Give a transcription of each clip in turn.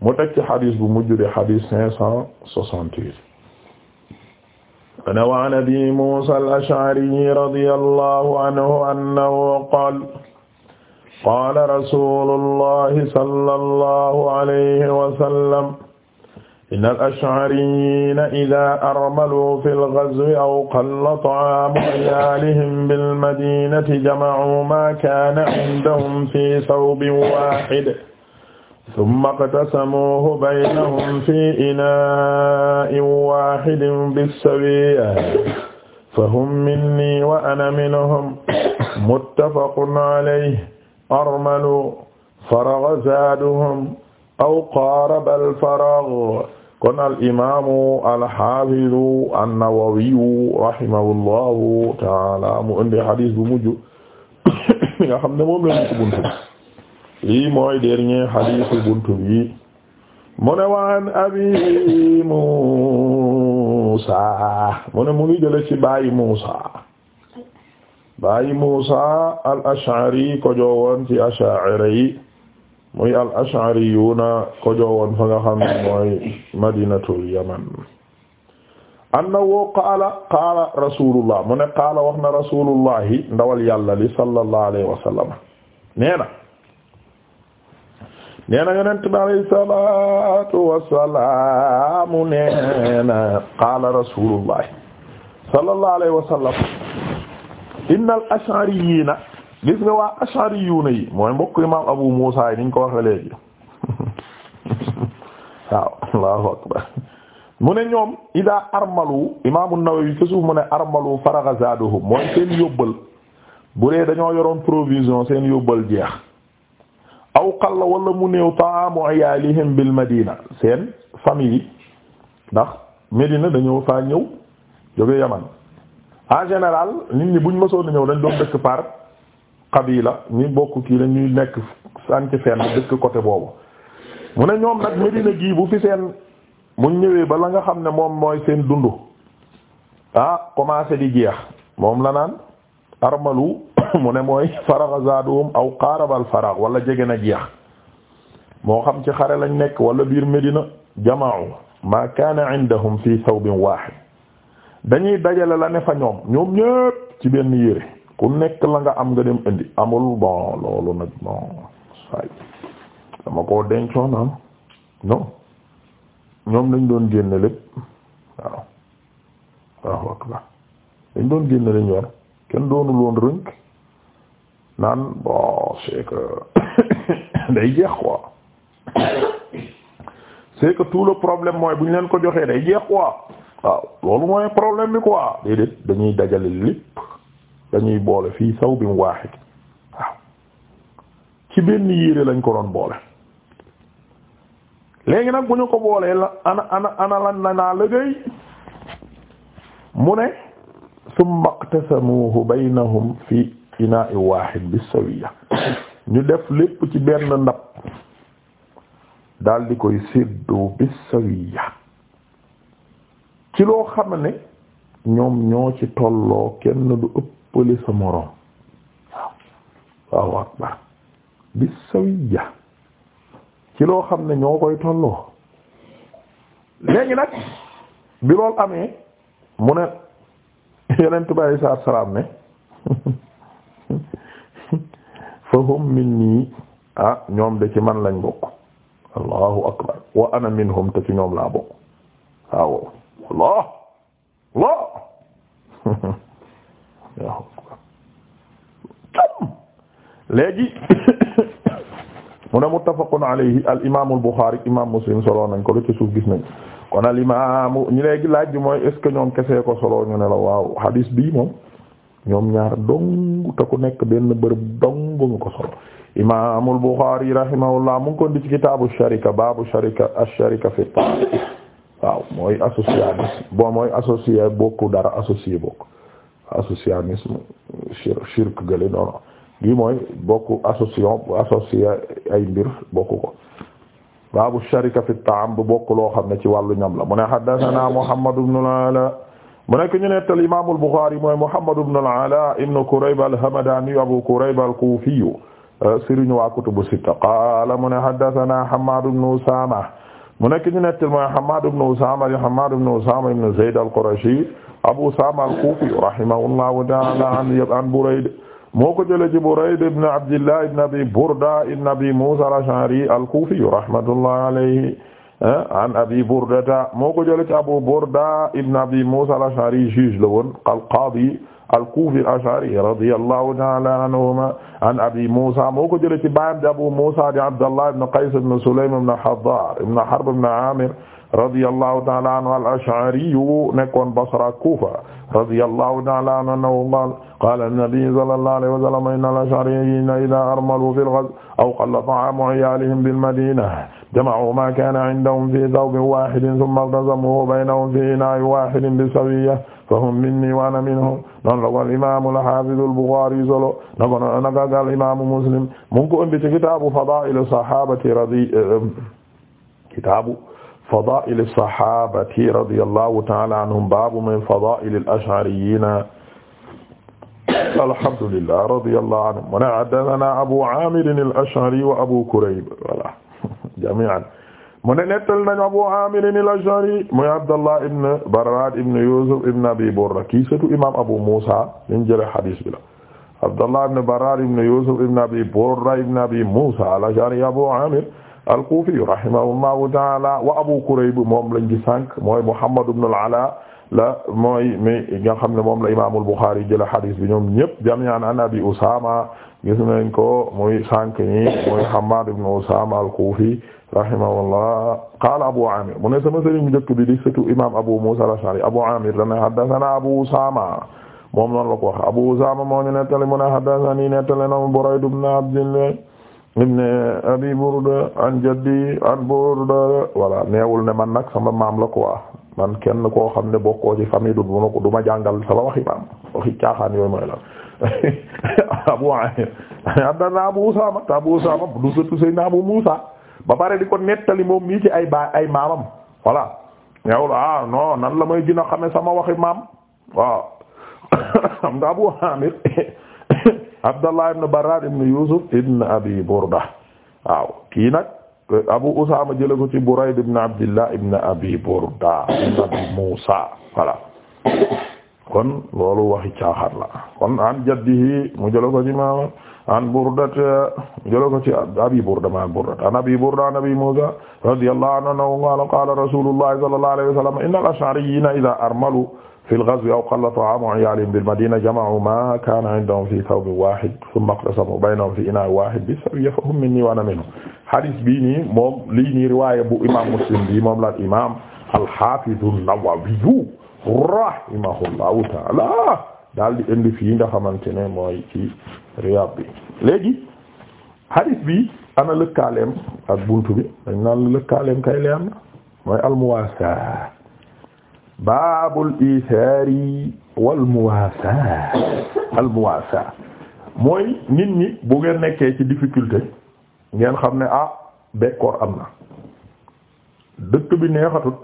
mu teg ci xadis bu mujj de xadis cinq cent soixante-huit ana wa an abi musa al-ash'ari radiyallahu anhu annahu qaala qaala rasulullahi sallallahu alayhi wa sallam inna al-ash'ariyyiina idhaa armaluu fil ghazwi aw qalla ta'aamu ayaalihim bil madiinati jama'uu maa kaana 'indahum fii thawbin waahid summa qtasamuuhu baynahum fi inaa'in waahidin bissawiyya fahum minnii wa ana minhum muttafaqun alayhi armalu faragha zaaduhum aw qaaraba al-faragh kon al-imaamu al-haafidu an-Nawawiyu rahimahullahu ta'aala mu indi hadiis bu mujj nga xam ne moom la ñu ko buntu lii mooy dernier xadiisu buntu bi mu ne waan abi Muusa mu ne mu ngi jële ci baayi Muusa baayi Muusa al ko joowoon ci Ash'ari yi muy al-Ash'ariyuuna ko joowoon fa nga mooy madinatul Yaman annahu qaala qaala rasulullah mu qaala wax na rasulullahi ndawal yàlla li sallallahu alayhi wa neena neena yonent bi alayhi salaatu wasalaamu neena qaala rasulullah sallallahu alayhi wa sallam innal gis nga waa ash'ariyuuna yi mooy mbokk imaam Abu Muusaa yi niñ ko waxe léegi waaw Allahu akbar mu ne ñoom idaa armalu imaam an-Nawawi ci suuf mu ne armalu faragha zaaduhum mooy seen yóbbal bu dañoo yoroon provision seen yóbbal jeex aw xal la wala mu néew taamu ayaalihim bil madina seen famille yi ndax Medina dañoo faa ñëw jóge Yaman en général nit ñi buñ mësoon a ñëw dañ doon dëkk par qabila ñi bokk kii la ñuy nekk sànc fenn dëkk côté boobu mu ne ñoom nag Medina gii bu fi seen mu ñëwee ba la nga xam ne moom mooy seen dund ah commencé di jeex moom la naan armalu mu ne mooy faraxa zaaduhum aw qaarabal farax wala jege na jeex moo xam ci xare lañ nekk wala biir Medina jamaaw ma kaana indahum fi thawbin waahid dañuy dajale la ne fa ñoom ñoom ñépp ci benn yére ku nekk la nga am nga dem indi amul bon loolu nag bon say dama koo dencoon am ah. non ñoom lañ doon génne lépp waaw waaw wak dañ doon génne lañ kenn doonul woon rënk naan bon c'est que day jeex quoi c'est que tout le problème mooy bu ñu leen ko joxee day jeex quoi waaw loolu mooy problème bi quoi déedéet dañuy dajale lépp dañuy boole fii saw bi mu waaxit waaw ci benn yére lañ ko doon boole léegi nag bu ñu ko boolee la ana ana ana lan na lëgëy mu ne summa iqtasamuhu baynahum fi inaa'i waahid bi sawiya ñu def lépp ci benn ndab daal koy séddoo bi ci loo xam ne ñoom ñoo ci tolloo kenn du ëppale sa moroom waaw waaw akbar bi ci loo xam ne ñoo koy tolloo léegi nag bi loolu amee mu ne yeneen tubaab yi saa salaam ne fa hum minni ah ñoom de ci man lañ bokk allahu akbar wa ana minhum te ci ñoom laa bokk waaw Allah Allah léegi mu ne muttafaqun alayhi al imaamu al Buxaari imaam Muslim solo nañ ko lu ci suuf gis nañ kon al imaamu ñu léegi laaj bi mooy est-ce que ñoom kese ko solo ñu ne la waaw hadis bi moom. ñoom ñaar dong te nekk benn bërëb dong nga ko solo imaamul Buxaari rahimahullah mu ngi ko di ci kitaabu sharika baabu sharika ash-sharika fi waaw mooy associationnisme bon mooy associé bokku dara associé bokk associationnisme shirk gële non non mooy bokku association associé ay mbir bokku ko baabu sharika fi ta'am bu bokk loo xam ne ci wàllu ñam la mu ne haddathana Muhammad ibn al mu nekk ñu nettal imaamul Buxaari mooy Muhammad ibn al-Ala ibn Kurayb al-Hamadani Abu Kurayb al-Kufi sëriñ waa kutubu sitta qaala mu ne haddathana Hammad ibn Usama mu nekk ñu nettal mooy Hammad ibn Usama di Hammad ibn Usama ibn Zayd al-Qurashi Abu Usama al-Kufi rahimahullahu ta'ala an Burayd moo ko jëlee ci Burayd ibn Abdillah ibn Abi Burda ibn Abi Musa al-Ash'ari al-Kufi rahmatullahi alayhi Eh? an abi bourdata moo ko jële ci abou bourda ibn abi moussa al-ash'ari juge la woon al-qaadi al-kuufi al-ash'ari radiyallahu ta'ala anhuma an abi moussa moo ko jële ci baayam di abou moussa di abdallah ibn qays ibn sulaym ibn hadar ibn harb ibn amir radiyallahu ta'ala anhu al-Ash'ari nekkoon Basra Kufa radiyallahu ta'ala anhu annahu qaala qaala an-nabiyyu sallallahu alayhi wa sallam inna al-Ash'ariyyiina idhaa armalu fil ghazw aw qalla ta'aamu 'iyaalihim bil-Madiina jama'uu maa kaana 'indahum fii thawbin waahidin thumma iqtasamuhu baynahum fii inaa'in waahidin bi-sawiyya fahum minnii wa ana minhum noonu la ko al-imaam al-haafiz al-Bukhaari solo naka naka naka al-imaam Muslim mu ngi ko indi ci kitaabu fadaa'il as-sahaabati radi eh, kitaabu fadaa'ili saxaabati radiyallahu ta'ala anhum baabu min fadaa'ili al-ash'ariyyiina alhamdulillah radiyallahu anhum wa haddathanaa Abu Aamir al-Ash'ari wa Abu Kurayb voilà jamii'an mu ne nettal nañu Abu Aamir al-Ash'ari muy Abdallah ibn Barrad ibn Yusuf ibn Abi Burda kii surtout imaam Abu Muusa liñ jëlee hadiis bi la Abdallah ibn Barrad ibn Yusuf ibn Abi Burda ibn Abi Muusa al-Ash'ari Abu Aamir al-Kufi rahimahullahu ta'ala wa Abu Kurayb moom lañ gi sànq mooy Muhammad ibn al-Ala la mooy mi nga xam ne moom la Imam al-Bukhari jël hadith bi ñoom ñëpp jami'an an Abi Usama gis nañ ko muy sànq ñi muy Hammad ibn Usama al-Kufi rahimahullah qala Abu Amir mu ne sama sëriñ mu njëkk bi di surtout Imam Abu Musa al-Ash'ari Abu Amir dana haddathana Abu Usama moom noonu la ko wax Abu Usama moo ñu nettali mu ne haddathani nettali na Burayd ibn Abdillah ibn abi burda an jaddi an burda voilà neewul ne man nag sama maam la quoi man kenn koo xam ne bokkoo ci famille du ma ko du ma jàngal sama waxi maam waxi caaxaan yooyu mooy la abu abdana abu usama ba pare di ko nettali ci ay ba ay maamam voilà ah, nan la may gën a xame sama waxi maam waaw Abdallah ibn Barrad ibn Yusuf ibn Abi Burda waaw kii nag Abu Usama jële ko ci Burayd ibn Abdillah ibn Abi Burda ibn Abi Musa voilà kon loolu waxi caaxaan la kon an jaddihi mu jële ko ci maama an Burda mu jële ko ci Abi Burda ma Burda an Abi Burda an Abi Musa radiyallahu anhu qala qala Rasulullah sallallahu alayhi wa sallam innal ash'ariyina idha armalu fi al-ghazwi aw qalla ta'aamuhu iyaalihim bil-madiina jama'uu maa kaana 'indahum fii thawbin waahid thumma iqtasamuu baynahum fii inaa'in waahid bis-sawiyya fahum minnii wa ana minhum hadith bii nii moom lii nii riwaaya bu imaam Muslim bii moom la imaam al-Haafiz an-Nawawi rahimahullahu ta'aala daal di indi fii nga xamante ne mooy ci Riyaad bi léegi hadith bi ana lëkkaaleem ak buntu bi dañ naan lëkkaaleem kay leer na mooy al-muwaasaa baabul isaari wal muwaasa al mooy nit ñi bu ngeen nekkee ci difficulté ngeen xam ne ah bekkoor am na dëkk bi neexatut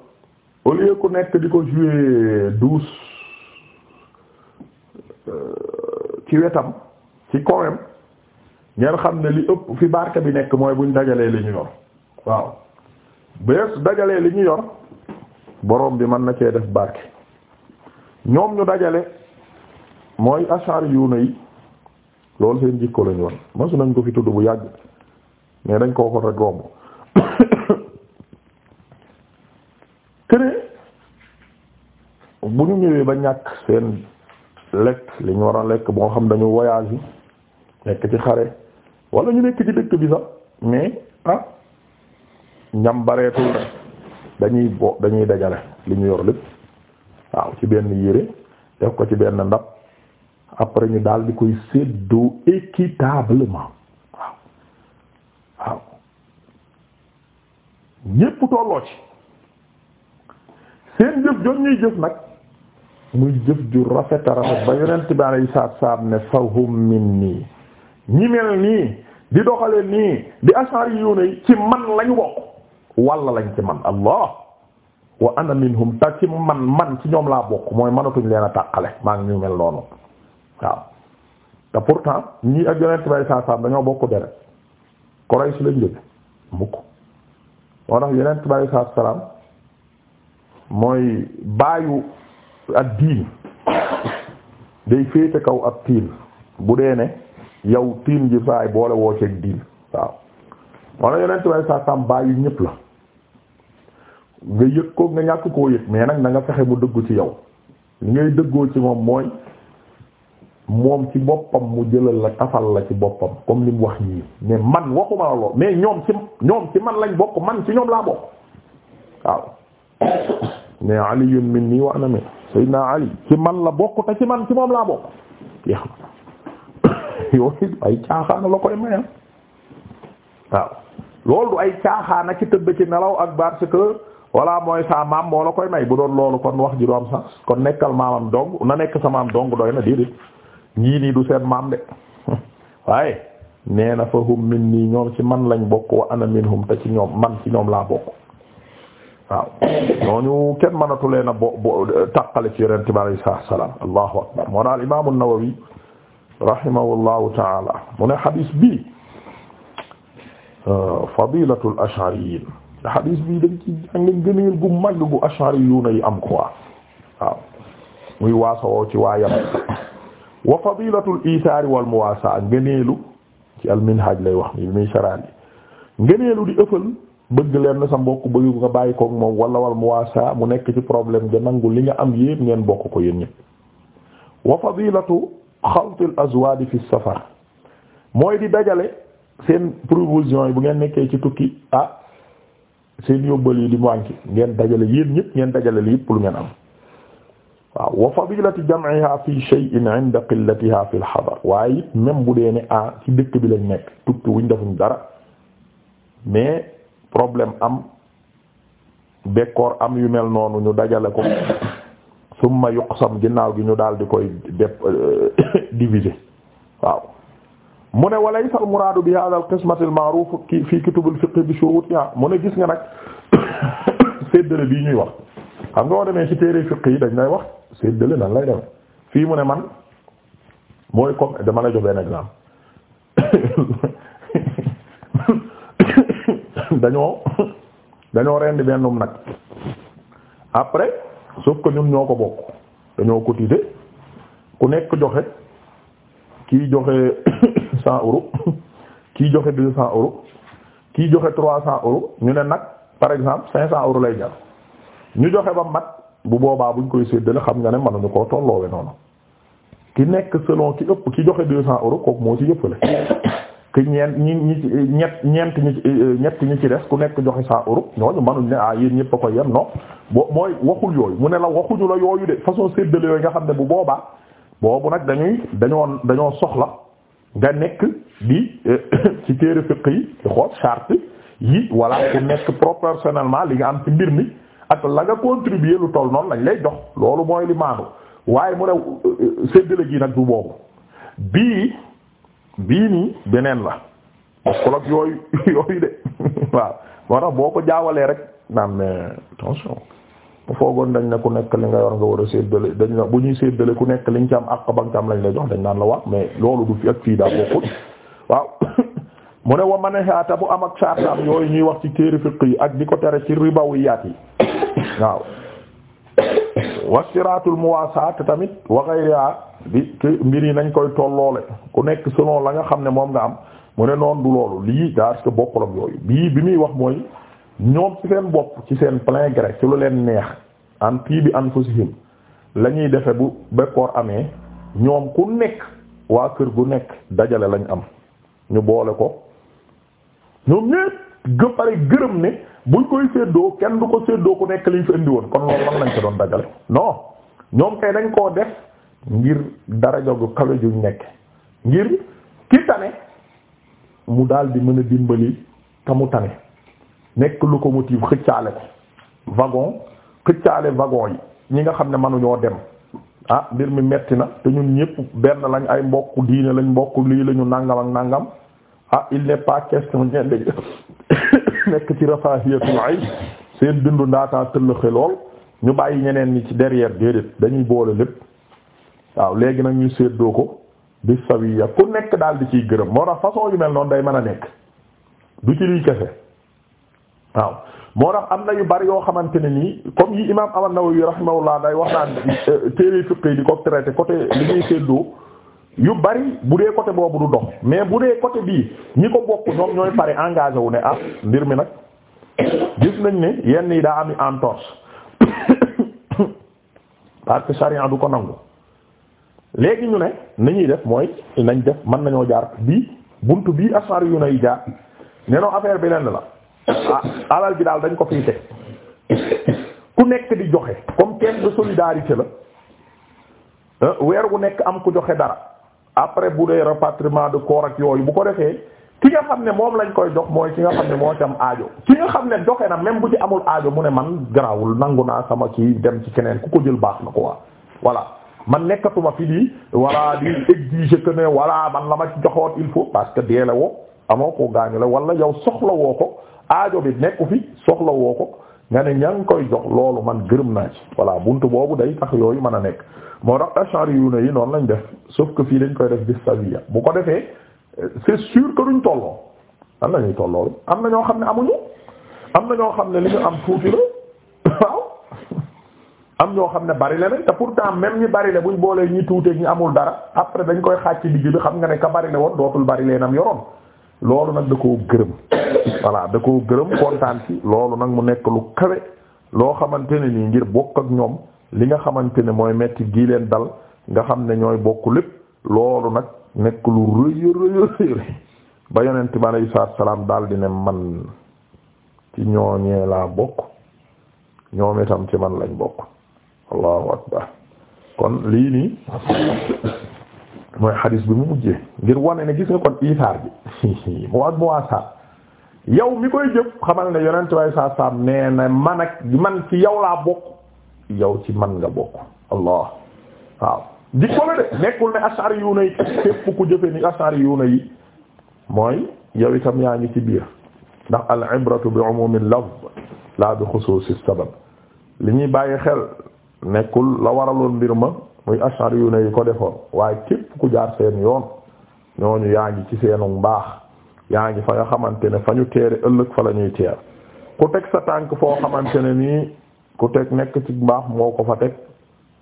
au lieu ku nekk di ko jouer douce euh, ci wetam ci kowem ngeen xam ne li ëpp fi barke bi nekk mooy buñ dajalee li ñu yor waaw bees dajalee li ñu yor borom bi mën na cee def barke ñoom ñu dajale mooy ashari yuuna yi loolu seen jikko lañu woon masu nañ ko fi tudd bu yàgg mais dañ ko waxoon rek romb këne bu ñu ñëwee ba ñàkk seen lekk li war a lekk boo xam dañu voyage yi nekk ci xare wala ñu nekk ci dëkk bi sax mais ah ñam bareetul dañuy bo dañuy dajale li ñu yor lépp waaw ci benn yére def ko ci benn ndab après ñu daal di koy séddoo équitablement waaw ñépp tolloo ci seen jëf jot ñuy jëf nag muy jëf ju rafet a rafet ba yonent bi alayhi salaatu salaam ne fahum minni ñi mel nii di doxale nii di ashari yu ne ci man lañu bokk walla lañ ci man allah wa ana minhum ta ci man man ci ñoom laa bokk mooy manatuñ leen a tàqale maa ngi ñu mel noonu waaw te pourtant ñii ak yonent bay saa saam dañoo bokk deret Quraysh lañ jóge mukk moo tax yonent bay saa salaam mooy baayu ak diin day féete kaw ak tiin bu dee ne yow tiin ji saay boole woo ceeg diin waaw moo tax yonent bay saa saam baayu ñépp la nga yëg ko nga ñàkk koo yëg mais nag na nga fexe mu dëggu ci yow li ngay dëggoo ci moom mooy moom ci boppam mu jëlal la tafal la ci boppam comme li mu wax nii mais man waxuma la lool mais ñoom ci ñoom ci man lañ bokk man ci ñoom laa bokk waaw mais aliyun wax na ana min naa ali ci man la bokk te ci man ci moom laa bokk yeex yow ay caaxaana la koy mayam waaw loolu du ay caaxaana ki tëdd ci nelaw ak parce que walla mooy sa maam moo la koy may bu doon loolu kon wax ji am sax kon nekkal maamam dong na nekk sa maam dong doy na déedéet ñii nii du seen maam de waaye nee na fa hum min ñoom ci man lañ bokk wa ana minhum ñoom man ci ñoom laa kenn mënatu leen a bo bo taqale ci yonent bi alayhi salaatu wa salaam allahu akbar moo daal imaamu Nawawi rahimahullahu taala mu ne xadiis bi fadilatul ashariyin xadiis bii dañ ci jàng gëneel gu mag gu ashari yu na yi am quoi waaw muy waasawoo ci waayam wa fadilatul isaari wal muwaasa ngëneelu ci alminhaj lay wax ni bi muy saraan yi ngëneelu di ëffal bëgg leen sa mbokk bëgg nga bàyyi koog moom wala wal muwaasa mu nekk ci problème ga nangu li nga am yépp ngeen bokk ko yéen ñëpp wa fadilatu xaltil azwaadi fi safar mooy di dajale seen provision yi bu ngeen nekkee ci tukki ah seen yóbbal yi di manqué ngeen dajale yéen ñëpp ngeen dajale li yëpp lu ngeen am waaw wa fadilati jam'iha fi shay'in 'inda waaye it même bu dee ne ah ci dëkk bi lañ nekk tukki wuñ defuñ dara mais problème am bekkoor am yu mel noonu ñu dajale ko summa yuqsam ginnaaw gi ñu daal di koy dép diviser waaw mu ne walaysa al muraadu bi hadha al qismat al ma'ruf fi kutub al fiqh bi shurutiha mu ne gis nga nag séddale bii ñuy wax xam nga woo demee ci téere fiqh yi dañ lay wax séddale nan lay demee fii mu ne man mooy comme dama la jox benn exemple dañoo dañoo bennum nag après sauf que ñun ñoo ko bokk dañoo cotiser ku nekk joxe kii joxe cent euros kii joxe kii joxe trois cent euros ñu ne nag par exemple cinq cent euros lay jar ñu joxe ba mat bu boobaa buñ koy séddale xam nga ne mënuñu koo tolloowe noonu ki nekk selon ki ëpp ki joxe deux cent euros kooku moo ci yëppale ki ñeent ñi ñi ñett ñeent ñi euh, euh, ñett ñi ci des ku nekk joxe cent euros ñooñu mënuñ ne ah yéen ñëpp a ko yem non bo mooy waxul yooyu mu ne la waxuñu la yooyu de façon séddale yooyu nga xam ne bu boobaa boobu nag dañuy dañoo dañoo soxla nga nekk di euh, ci téere fiq yi di xool charte yi wala ku nekk proportionnellement li nga am ci mbir mi ak la nga contribuer lu toll noonu lañ lay dox loolu mooy li maandu waaye mu ne euh, séddale gi nag du boobu bii bii nii beneen la kolog yooyu yooyu de waaw moo tax boo ko jaawalee rek naan mais mu foogoon dañ ne ku nekk li nga yor nga war a séddale dañ la bu ñuy séddale ku nekk liñ ci am ak ba nga ci lañ lay jox dañ naan la wax mais loolu du fi ak fii daa bokkut waaw mu ne wa man xaata bu am ak sartaam yooyu ñuy wax ci téere fiq yi ak di ko tere ci ribawiyaat yi waaw mu siratul muwasaat tamit wa ghayriha bi mbir yi nañ koy tolloole ku nekk selon la nga xam ne moom nga am mu ne noonu du loolu lii parce que bokkul ak yooyu bii bi muy wax mooy ñoom ci seen bopp ci seen plein gré ci lu leen neex an tii bi an fusihim la ñuy defe bu bekkoor amee ñoom ku nekk waa kër gu nekk dajale lañu am ñu boole ko ñoom ñépp gë pare gërëm ne buñ koy séddoo kenn du ko séddoo ku nekk liñ fi indiwoon woon kon loolu lan lañ ko doon dajale non ñoom kay dañ koo def ngir daraja gu kawe juñ nekk ngir ki tane mu daldi mën a dimbali ka mu nekk locomotive xëccaale ko wagon xëccaale wagon yi ñi nga xam ne mënuñoo dem ah mbir mi metti na te ñun ñëpp benn lañ ay mbokk diine lañ mbokk lii lañu nàngam ak nàngam ah il n'est pas question nekk ci rafaahiyatul ay seen dundu ndaataa tëllëxe lool ñu bàyyi ñeneen ñi ci derrière déedéet dañuy boole lépp waaw léegi nag ñu séddoo ko bis sawiya ku nekk daal di ciy gërëm moo tax façon yu mel noonu day mën a nekk du ci lii kese waaw moo tax am na yu bari yoo xamante ne nii comme yi imaam an-Nawawi rahimahullah day wax naan euh, téere fiqh di ko traité côté li ñuy séddoo yu bari bu dee côté boobu du dox mais bu dee côté bii ñi ko bokk ñoom ñooy pare engage wu ne ah mbir mi nag gis nañ ne yenn yi daa am entorse parce que charia du ko nangu léegi ñu ne nañuy def mooy nañ def mën nañoo jaar bii bunt bii ashar yu nay jaar nenoo affaire bi lenn la Ah, alal bi daal dañ ko fiy teg ku nekk di joxe comme kenn de solidarité la weer bu nekk am ku joxe dara après bu dee rapatriement de corps ak yooyu bu ko defee ki nga xam ne moom lañ koy jox mooy ki nga xam ne moo ci am aajo ki nga xam ne joxe na même bu ci amul aajo mu ne man garawul nangu naa sama kii dem ci keneen ku ko jël baax na ko waa voilà man nekkatuma fi di voilà di exiger que ne voilà man la ma ci joxoot il faut parce que deele woo amoo koo gaañu la wala yow soxla woo ko aajo bi nekku fi soxla woo ko nga ne ña ngi koy jox loolu man gërëm naa ci voilà buntu boobu day tax yooyu mën a nekk moo tax ashari yu ne yi noonu lañu def sauf ko fii dañ koy def bi saviya bu ko defee c'est sûr que duñ tolloo am na ñuy tolloo am na ñoo xam ne amuñu am na ñoo xam ne li ñu am tuuti la waaw am ñoo xam ne bari la te pourtant même ñi bari la buñ boolee ñi tuuteeg ñi amul dara après dañ koy xàcc digg bi xam nga ne ka bari la woon dootul bari leen am yoroon. loolu nag da koo gërëm voilà da koo gërëm kontaan loolu nag mu nekk lu kawe loo xamante ne nii ngir bokk ak ñoom li nga xamante ne mooy metti gii leen dal nga xam ne ñooy bokk lépp loolu nag nekk lu rëy rëy ba yonent bi alayhi salaam daal di ne man ci ñooñee laa bokk ñoom itam ci man lañ bokk allahu akbar kon lii nii mooy xadis bi mu mujjee ngir wane na gis nga kon isaar bi mu ak mu waasaar yow mi koy jëf xamal ne yonent way saa saam na man ak man ci yow laa bokk yow ci man nga bokk allah waaw di ko la de nekkul ne ashari yu na yi képp ku jëfe ni ashari yu na mooy yow itam yaa ngi ci ndax al ibratu bi umumi lafz la bi xusuusi sabab li ñuy bàyyi xel nekkul la waraloon mbir ma muy ashari yu ne yi ko defoon waaye képp ku jaar seen yoon ñooñu yaa ngi ci seenu mbaax yaa ngi fa nga xamante ne fa ñu teere ëllëg fa la ñuy teer ku teg sa tànk foo xamante ne nii ku teg nekk ci mbaax moo ko fa teg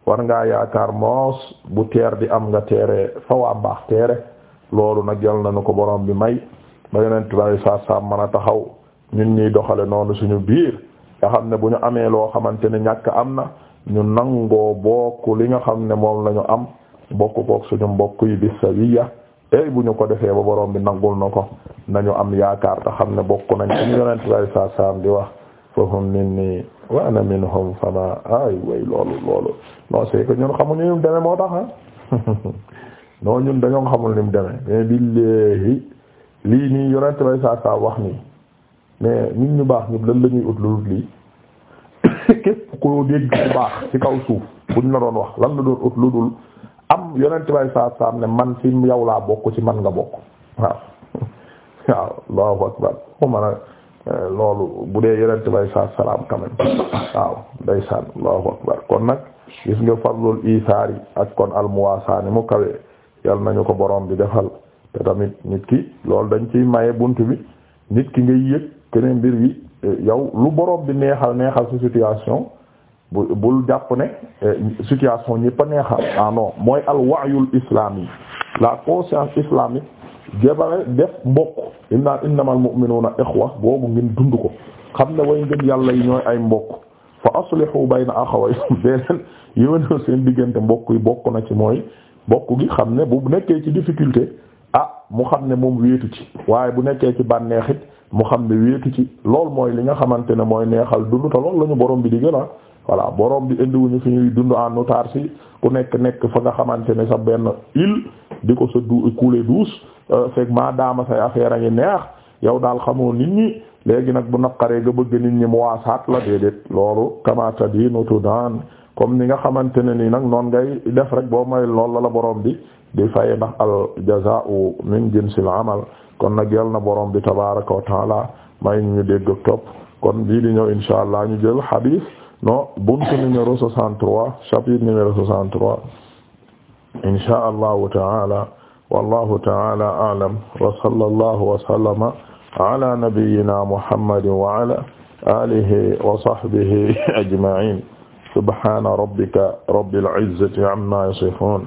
war ngaa yaakaar moos bu teer di am nga teere fa waa mbaax teere loolu nag yal nañu ko borom bi may ba yeneen tubaab yi saa saa mën a taxaw ñun ñuy doxale noonu suñu biir nga xam ne bu ñu amee loo xamante ne ñàkk am na. ñu nangoo bokk li nga xam ne moom la am bokk kook suñu mbokk yi bi sawiya tey bu ñu ko defee ba borom bi nangul na ko nañu am yaakaar te xam ne bokk nañ ci yonent bi saa saam di wax fa hum minni wa ana minhum fama ay way loolu loolu non c'est ñun xamuñu nim demee moo tax ah ñun dañoo xamul nim demee mais billahi lii nii yonent bi saa wax nii mais nit ñu baax ñëpp lan la ñuy ut lu lii. képp koo dégg bu baax ci kaw suuf buñ la doon wax lan la doon ut lu dul am yonent bay saa saam ne man ci yow laa bokk ci man nga bokk waaw waaw Allahu akbar mu man a loolu bu dee yonent bay saa salaam quand même waaw ndeysaan Allahu akbar kon nag gis nga fadlul isaari ak kon almuwaasaani mu kawe yal nañu ko borom bi defal te tamit nit ki loolu dañ ciy maye bunt bi nit ki ngay yëg keneen mbir yi yow lu borom bi neexal neexal sa situation bu bul jàpp ne eh, situation ñëpp a neexal ah, mooy al wayul islami la conscience islamique jébale def mbokk inna innamal mu'minuna ikhwa boobu ngeen dund ko xam ne way ngeen yàlla yi ñooy ay mbokk fa aslihu bayna akhawaykum beneen yéwénal seen diggante mbokk yi bokk na ci mooy mbokk gi xam ne bu nekkee ci difficulté a ah, mu xam ne moom wéetu ci waaye bu nekkee ci bànneexit mu xam ne wéetu ci lool mooy li nga xamante ne mooy neexal dund te loolu la ñu bi di gën a voilà borom bi indiwuñu fi ñuy dund en notaire si ku nekk nekk fa nga xamante ne sa benn île di ko sa du couler douce euh, fekk maa daama say affaire a ngi neex yow daal xamoo nit ñi léegi nag bu naqaree nga bëgg nit ñi mu waasaat la déedéet loolu kamata di noto daan comme ni nga xamante ne nii nag noon ngay def rek boo may lool la la borom bi di faye ndax al jazaa'u min jinsil amal kon nag yal na borom bi tabaaraka wa taala may ñu dégg topp kon bii di ñëw insha allah ñu jël hadith no buntu numéro 63 chapitre numéro 63 insha allahu taala wallahu taala a'lam wa sallallahu wa sallama ala nabiyyina muhammadin wa ala alihi wa sahbihi ajma'in subhana rabbika rabbil izzati amma yasifun